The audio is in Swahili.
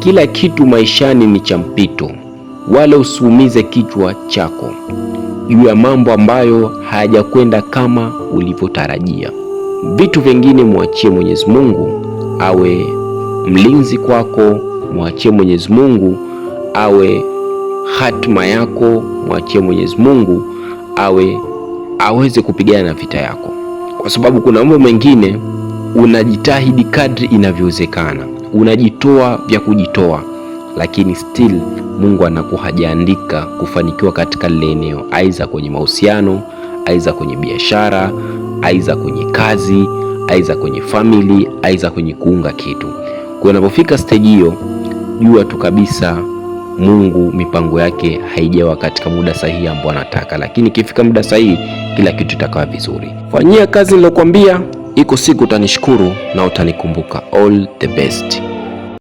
Kila kitu maishani ni cha mpito, wala usiumize kichwa chako juu ya mambo ambayo hayajakwenda kama ulivyotarajia. Vitu vingine mwachie Mwenyezi Mungu awe mlinzi kwako, mwachie Mwenyezi Mungu awe hatima yako, mwachie Mwenyezi Mungu awe aweze kupigana na vita yako, kwa sababu kuna mambo mengine unajitahidi kadri inavyowezekana unajitoa vya kujitoa, lakini still Mungu anakuwa hajaandika kufanikiwa katika lile eneo, aidha kwenye mahusiano, aidha kwenye biashara, aidha kwenye kazi, aidha kwenye family, aidha kwenye kuunga kitu. Kwa unapofika stage hiyo, jua tu kabisa Mungu mipango yake haijawa katika muda sahihi ambao anataka, lakini ikifika muda sahihi, kila kitu itakawa vizuri. Fanyia kazi nilokuambia iko siku utanishukuru na utanikumbuka. All the best.